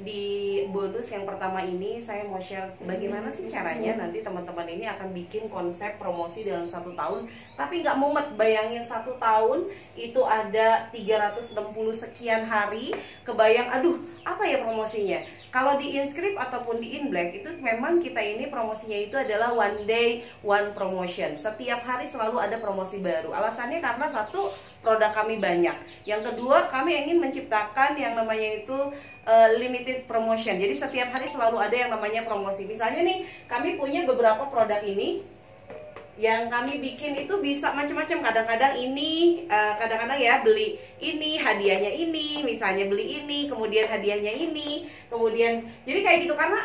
di bonus yang pertama ini saya mau share bagaimana sih caranya nanti teman-teman ini akan bikin konsep promosi dalam satu tahun tapi nggak mumet bayangin satu tahun itu ada 360 sekian hari kebayang aduh apa ya promosinya kalau di inscript ataupun di in black itu memang kita ini promosinya itu adalah one day one promotion. Setiap hari selalu ada promosi baru. Alasannya karena satu produk kami banyak. Yang kedua kami ingin menciptakan yang namanya itu uh, limited promotion. Jadi setiap hari selalu ada yang namanya promosi. Misalnya nih kami punya beberapa produk ini yang kami bikin itu bisa macam-macam kadang-kadang ini eh, kadang-kadang ya beli ini hadiahnya ini misalnya beli ini kemudian hadiahnya ini kemudian jadi kayak gitu karena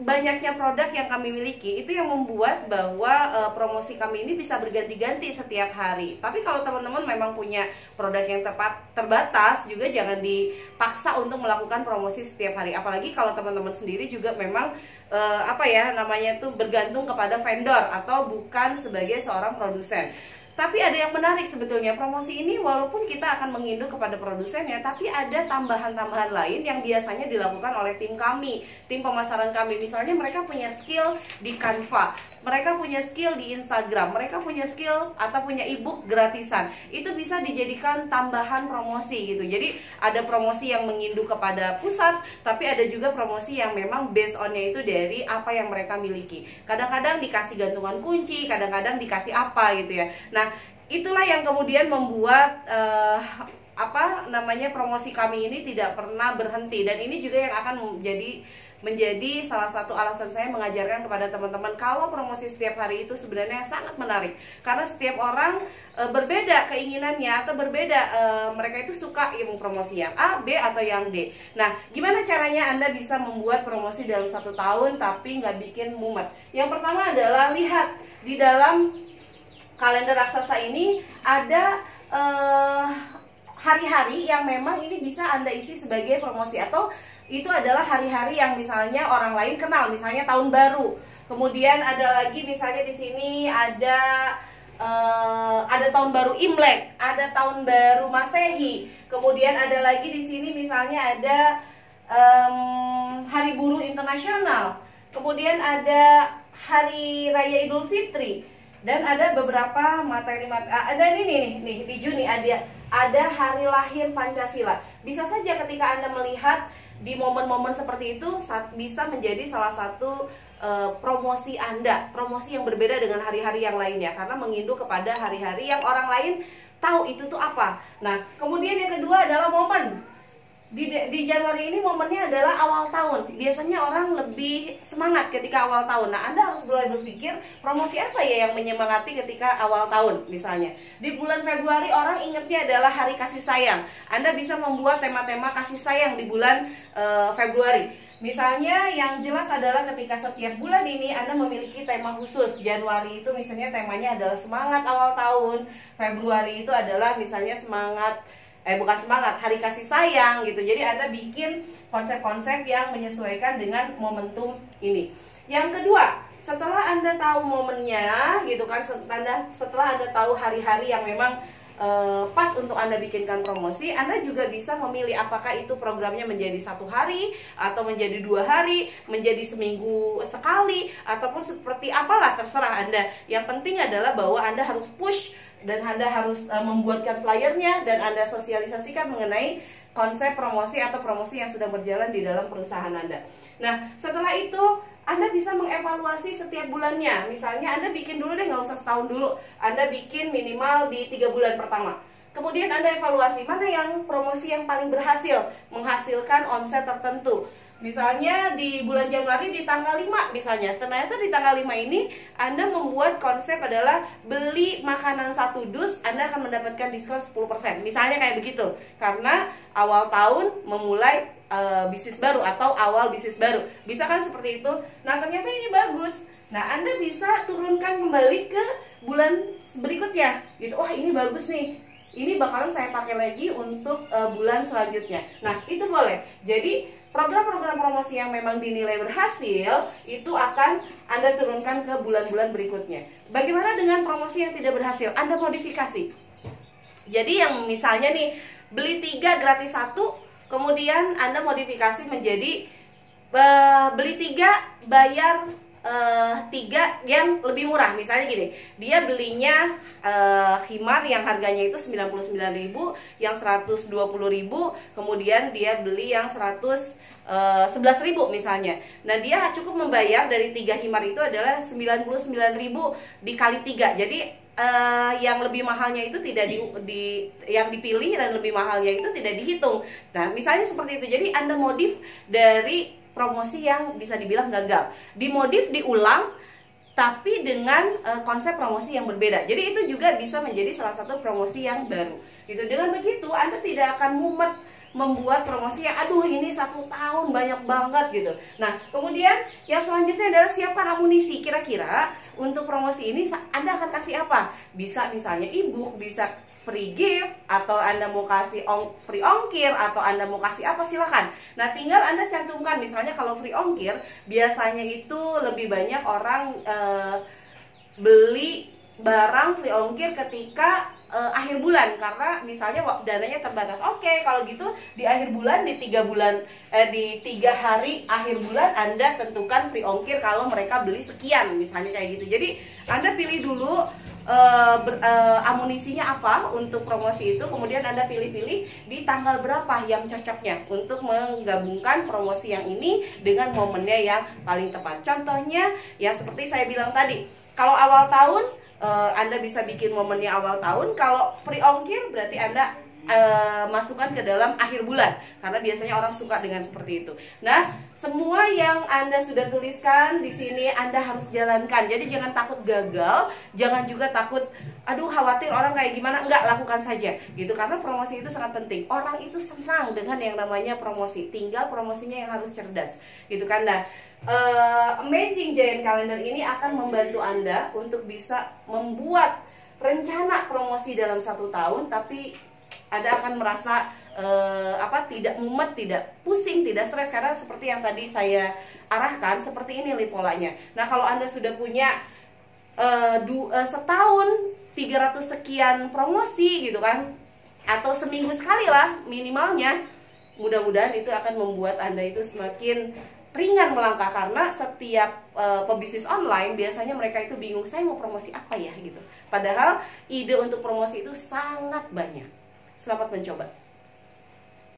banyaknya produk yang kami miliki itu yang membuat bahwa e, promosi kami ini bisa berganti-ganti setiap hari. Tapi kalau teman-teman memang punya produk yang tepat terbatas juga jangan dipaksa untuk melakukan promosi setiap hari. Apalagi kalau teman-teman sendiri juga memang e, apa ya namanya itu bergantung kepada vendor atau bukan sebagai seorang produsen. Tapi ada yang menarik sebetulnya promosi ini walaupun kita akan menginduk kepada produsennya tapi ada tambahan-tambahan lain yang biasanya dilakukan oleh tim kami, tim pemasaran kami. Misalnya mereka punya skill di Canva, mereka punya skill di Instagram, mereka punya skill atau punya ebook gratisan. Itu bisa dijadikan tambahan promosi gitu. Jadi ada promosi yang menginduk kepada pusat tapi ada juga promosi yang memang based onnya itu dari apa yang mereka miliki. Kadang-kadang dikasih gantungan kunci, kadang-kadang dikasih apa gitu ya. Nah, itulah yang kemudian membuat uh, apa namanya promosi kami ini tidak pernah berhenti dan ini juga yang akan menjadi menjadi salah satu alasan saya mengajarkan kepada teman-teman kalau promosi setiap hari itu sebenarnya sangat menarik karena setiap orang e, berbeda keinginannya atau berbeda e, mereka itu suka yang promosi yang A, B atau yang D. Nah, gimana caranya anda bisa membuat promosi dalam satu tahun tapi nggak bikin mumet? Yang pertama adalah lihat di dalam kalender raksasa ini ada eh, hari-hari uh, yang memang ini bisa Anda isi sebagai promosi atau itu adalah hari-hari yang misalnya orang lain kenal, misalnya tahun baru. Kemudian ada lagi misalnya di sini ada Uh, ada tahun baru Imlek, ada tahun baru Masehi, kemudian ada lagi di sini misalnya ada um, Hari Buruh Internasional, kemudian ada Hari Raya Idul Fitri, dan ada beberapa materi materi ah, ada ini nih nih, nih di Juni ada ada hari lahir Pancasila. Bisa saja ketika Anda melihat di momen-momen seperti itu bisa menjadi salah satu uh, promosi Anda, promosi yang berbeda dengan hari-hari yang lain ya karena menginduk kepada hari-hari yang orang lain tahu itu tuh apa. Nah, kemudian yang kedua adalah momen di, di Januari ini momennya adalah awal tahun. Biasanya orang lebih semangat ketika awal tahun. Nah, Anda harus mulai berpikir promosi apa ya yang menyemangati ketika awal tahun misalnya. Di bulan Februari orang ingatnya adalah hari kasih sayang. Anda bisa membuat tema-tema kasih sayang di bulan uh, Februari. Misalnya yang jelas adalah ketika setiap bulan ini Anda memiliki tema khusus. Januari itu misalnya temanya adalah semangat awal tahun, Februari itu adalah misalnya semangat eh bukan semangat hari kasih sayang gitu jadi anda bikin konsep-konsep yang menyesuaikan dengan momentum ini yang kedua setelah anda tahu momennya gitu kan setelah anda, tahu hari-hari yang memang uh, pas untuk Anda bikinkan promosi, Anda juga bisa memilih apakah itu programnya menjadi satu hari atau menjadi dua hari, menjadi seminggu sekali ataupun seperti apalah terserah Anda. Yang penting adalah bahwa Anda harus push dan Anda harus eh, membuatkan flyernya dan Anda sosialisasikan mengenai konsep promosi atau promosi yang sudah berjalan di dalam perusahaan Anda. Nah, setelah itu anda bisa mengevaluasi setiap bulannya. Misalnya Anda bikin dulu deh, nggak usah setahun dulu. Anda bikin minimal di tiga bulan pertama. Kemudian Anda evaluasi mana yang promosi yang paling berhasil menghasilkan omset tertentu. Misalnya di bulan Januari di tanggal 5 misalnya, ternyata di tanggal 5 ini Anda membuat konsep adalah beli makanan satu dus, Anda akan mendapatkan diskon 10%. Misalnya kayak begitu. Karena awal tahun memulai e, bisnis baru atau awal bisnis baru. Bisa kan seperti itu? Nah, ternyata ini bagus. Nah, Anda bisa turunkan kembali ke bulan berikutnya gitu. Wah, ini bagus nih ini bakalan saya pakai lagi untuk uh, bulan selanjutnya. Nah, itu boleh. Jadi, program-program promosi yang memang dinilai berhasil itu akan Anda turunkan ke bulan-bulan berikutnya. Bagaimana dengan promosi yang tidak berhasil? Anda modifikasi. Jadi, yang misalnya nih, beli 3 gratis 1, kemudian Anda modifikasi menjadi uh, beli 3 bayar uh, tiga yang lebih murah misalnya gini dia belinya uh, himar yang harganya itu 99.000 yang 120.000 kemudian dia beli yang 100 uh, 11.000 misalnya nah dia cukup membayar dari tiga himar itu adalah 99.000 dikali tiga jadi Uh, yang lebih mahalnya itu tidak di, di yang dipilih dan lebih mahalnya itu tidak dihitung. Nah, misalnya seperti itu. Jadi Anda modif dari promosi yang bisa dibilang gagal. Dimodif diulang tapi dengan uh, konsep promosi yang berbeda. Jadi itu juga bisa menjadi salah satu promosi yang baru. Gitu. Dengan begitu Anda tidak akan mumet membuat promosi yang aduh ini satu tahun banyak banget gitu. Nah kemudian yang selanjutnya adalah siapkan amunisi kira-kira untuk promosi ini Anda akan kasih apa? Bisa misalnya ebook, bisa free gift atau Anda mau kasih ong, free ongkir atau Anda mau kasih apa silakan. Nah, tinggal Anda cantumkan misalnya kalau free ongkir biasanya itu lebih banyak orang e, beli barang free ongkir ketika e, akhir bulan karena misalnya dananya terbatas. Oke, okay, kalau gitu di akhir bulan di tiga bulan eh, di tiga hari akhir bulan Anda tentukan free ongkir kalau mereka beli sekian misalnya kayak gitu. Jadi Anda pilih dulu e, ber, e, amunisinya apa untuk promosi itu kemudian anda pilih-pilih di tanggal berapa yang cocoknya untuk menggabungkan promosi yang ini dengan momennya yang paling tepat contohnya ya seperti saya bilang tadi kalau awal tahun eh, anda bisa bikin momennya awal tahun kalau free ongkir berarti anda uh, masukkan ke dalam akhir bulan karena biasanya orang suka dengan seperti itu. Nah, semua yang Anda sudah tuliskan di sini Anda harus jalankan. Jadi jangan takut gagal, jangan juga takut aduh khawatir orang kayak gimana, enggak lakukan saja gitu karena promosi itu sangat penting. Orang itu senang dengan yang namanya promosi. Tinggal promosinya yang harus cerdas. Gitu kan. Nah, uh, amazing Giant Calendar ini akan membantu Anda untuk bisa membuat rencana promosi dalam satu tahun tapi anda akan merasa eh, apa tidak mumet, tidak pusing, tidak stres karena seperti yang tadi saya arahkan seperti ini li polanya. Nah, kalau Anda sudah punya eh, du, eh, setahun 300 sekian promosi gitu kan atau seminggu sekali lah minimalnya mudah-mudahan itu akan membuat Anda itu semakin ringan melangkah karena setiap uh, pebisnis online biasanya mereka itu bingung saya mau promosi apa ya gitu. Padahal ide untuk promosi itu sangat banyak. Selamat mencoba.